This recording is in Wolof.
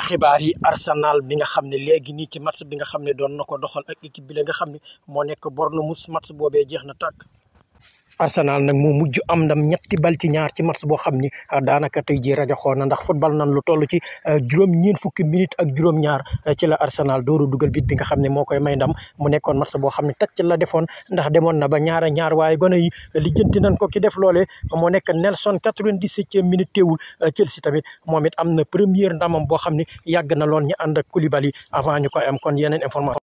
xibaar yi Arsenal mi nga xam ne léegi nii ci match bi nga xam ne doon na ko doxal ak équipe bi la nga xam ne moo nekk Bournemouth mat boobe jeex na tàkk Arsenal nag mu mujj am ndam ñetti bal ci ñaar ci match boo xam ni ah, daanaka tey jii rajo na ndax football nan lu toll ci ah, juróom-ñeent fukki minute ak juróom-ñaar ah, ci la Arsenal dooru dugal bit bi nga xam ne moo koy may ndam mu nekkoon match boo xam ne tacc la defoon ndax demoon na ba ñaara ñaar waaye gone yi lijjanti nan ko ki def loole moo nekk Nelson 97e minute teewul Chelsea tamit moom it am na première ndamam boo xam ne yàgg na lool ñu ànd ak Koulibaly avant kon yeneen information